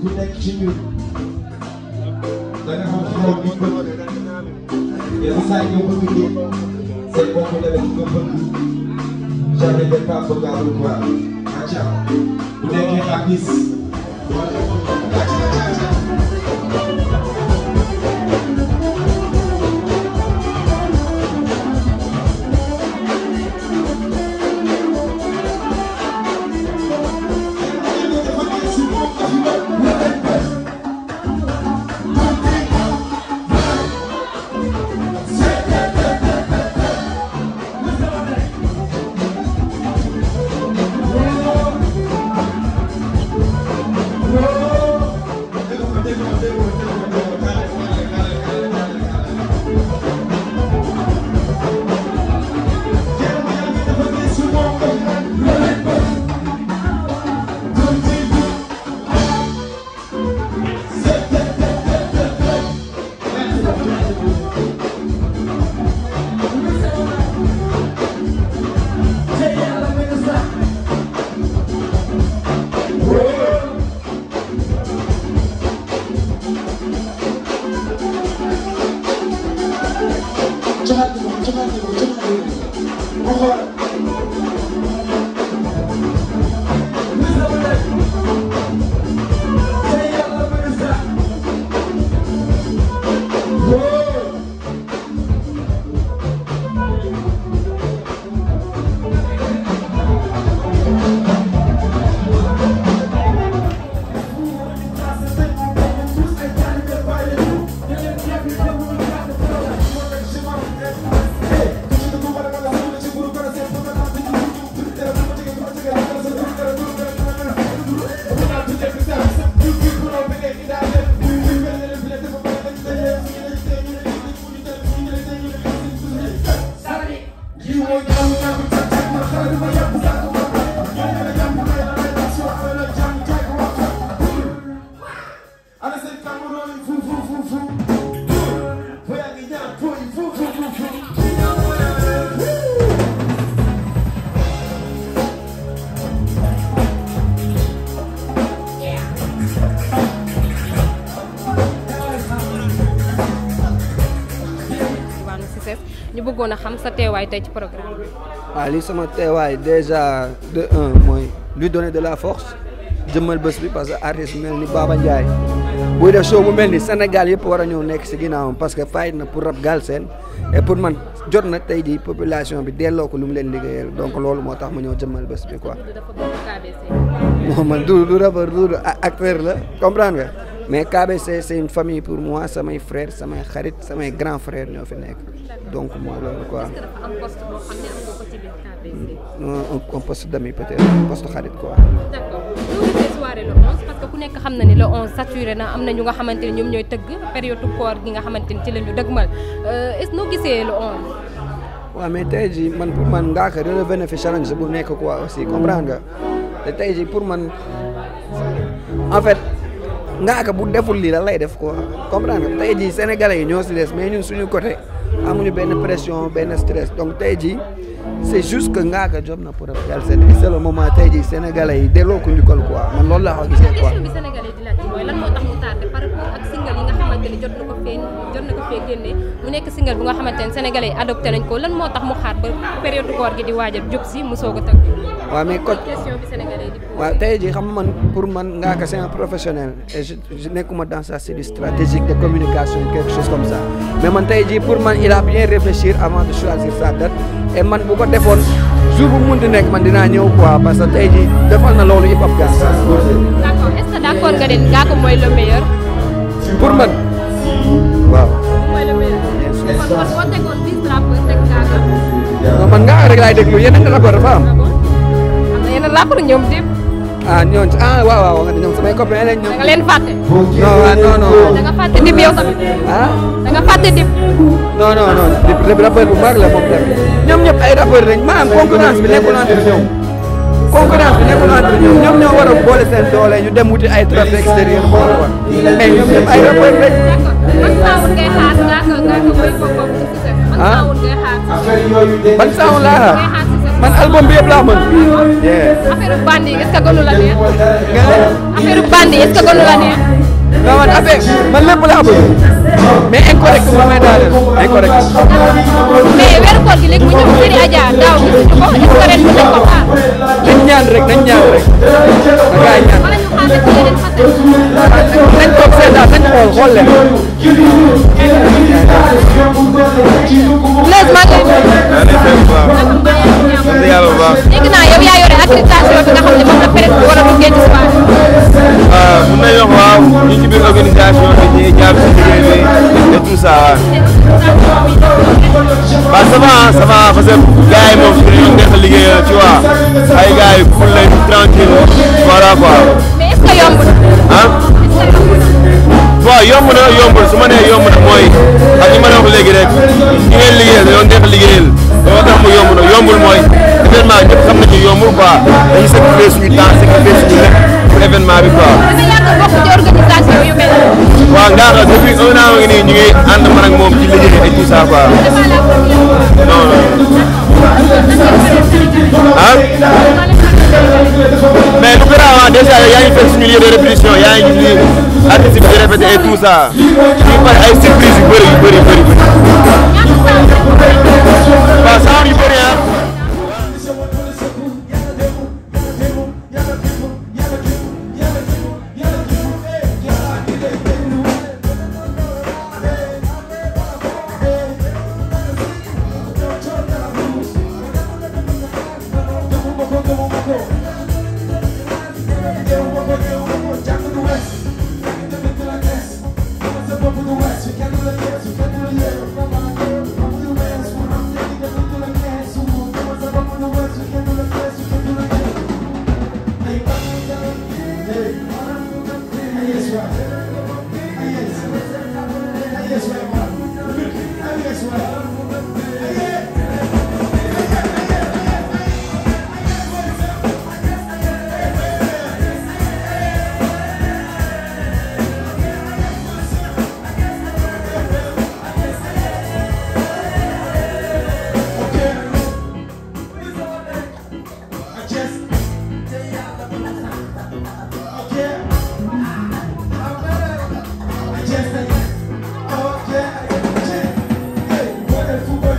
ku nekk ci ñun da nga xam xol bi bëgg yenn saa yi nga bëgg génn say bopp nawet nga bëgg jamais ne pas bëgg à revoir. bu nekkee artiste joxaat ma joxaat ma joxaat ma ma xool ñu bëggoon a xam sa teewaay tey ci programme bi. Ah, lii li sama teewaay déjà de un mooy lui donner de la force jëmmal bés bi parce que artiste mel ni Baba Ndiaye buy def show bu mel ni Sénégal yëpp war a ñëw nekk si ginnaawam parce que fayit na pour rap Galsen et pour man jot na tey di population bi delloo ko lu leen liggéeyal donc loolu moo tax ma ñëw jëmmal bés bi quoi. man du du rappeur du acteur la comprendre nga. mais KBC c'est une famille pour moi samay frère samay xarit samay grand frère ñoo fi nekk donc mooy loolu quoi un poste d'ami peut-être un poste xarit quoi. d'accord soirée ku nekk xam na ni le 11 saturé na am na ñu nga xamante ni ñoom ñooy tëgg période koor gi nga xamante ni ci la ñu dëgmal euh, noo gisee le 11. waaw mais tey jii man pour man ngaa ko relevé na fi challenge bu nekk quoi aussi comprendre nga te tey jii pour man en ngaaka bu deful lii lan lay def ko comprendre nga tey jii yi ñoo si des mais ñun suñu côté amuñu benn pression benn stress donc tey jii c' est juste que ngaaka job na pour def Galsen c' est le moment tey jii sénégalais yi delloo ko njukkal quoi man loolu laa ko gisee quoi. jot na ko feen jot na ko fee mu nekk single bu nga xamante ne sénégalais yi adopté nañ ko lan moo tax mu xaar ba période koor gi di waajal jub mu soog a tëgg. mais kon question tey jii xam man pour man ngaa ko c'est un professionnel nekkuma dans ça c'est du stratégique de communication quelque chose comme ça mais man tey jii pour man il a bien réfléchir avant de choisir sa date et man bu ko defoon jour bu mu munti nekk man dinaa ñëw quoi parce que tey jii defal na loolu yëpp ab gàncax. man boo tegoon dix rek laay déglu yeneen rapport dafa am. am na yeneen rapport ñoom démb. a ñooñu ah waaw ñoom samay copains lañ ñoom. nga leen fàtte. non non non. da nga fàtte dib yow tamit. ah da nga fàtte bu mag la moom tamit. ñoom ñëpp ay rappeurs lañ maanaam concurrence bi nekkul entre ñoom. concurrence bi nekkul entre ñoom ñoom ñoo war a boole seen ñu dem wuti ay trophées extérieur boo ko war ñoom ñëpp ay rappeurs lañ. ah ban saaw laa man album bi yëpp laa mën. affaire bandi est-ce que gënu la ne affaire man affaire man lépp laa bëgg mais incorrect moom may daaneel incorrect. mais weeru koor gi léegi mu ñëw Siri Adja daaw gisuñu ko est-ce que ren ah. ñaan rek nañ ñaan rek. da ngay nañ toog seetaan nañ xool xool leen. léegi maa ngi lay dégg naa yow yaa yore accréditation bi nga xam ne moom la presse bi war a duggee ci soir. mun nañu wax waaw ñu ci biir organisation bi ñuy jaar ci liggéey bi et tout ça waaw. waaw ça va ça va parce que gars yi moom dañoo neex a liggéey tu vois ay gars yi cool lañ tranquille voilà quoi. ah waaw yomb na yombul su ma nee yomb na mooy ak li ma la wax léegi rek ñi ngeen liggéeyal yoon def liggéeyal doo tax mu yomb na yombul mooy événement ñëpp xam nañu yombul quoi dañu sacrifier suñu temps sacrifier suñu lépp pour événement bi quoi. waaw ndax depuis un an ngi nii ñu ngi ànd man ak moom ci liggéey et tout ça quoi non non ah. mais lu gën a avant déjà yaa ngi fekk suñu lieu de répétition yaa ngi gis ni artiste bi di répété et tout ça ñu pare ay surprise yu bëri yu bëri bëri bëri Jesús.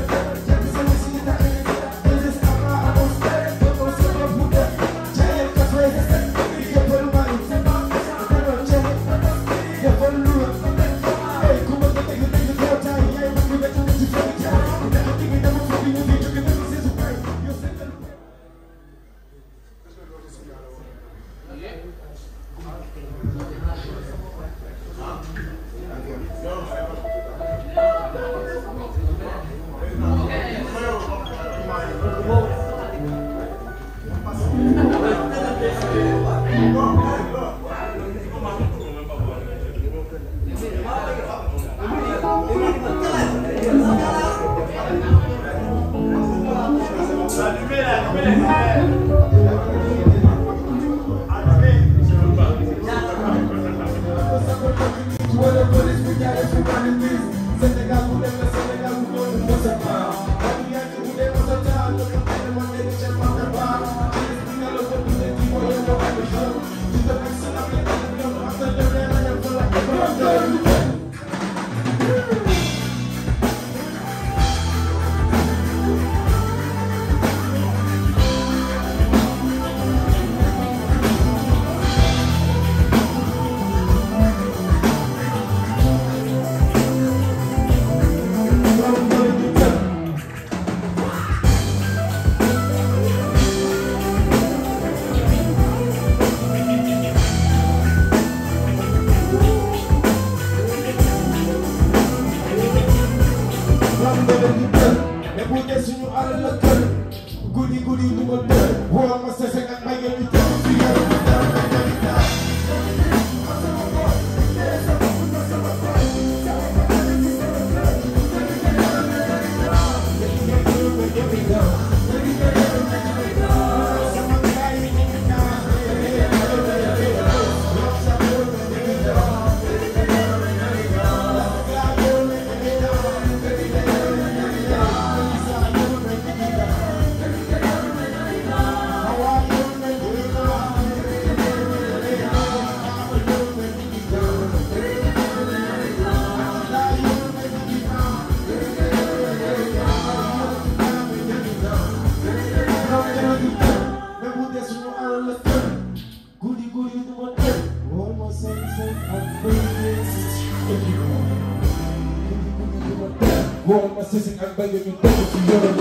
bu dee suñu alal la kër guddi guddi du ma dee woo ma sa Cissé ak Mbaye ñu dëkk ci yoroon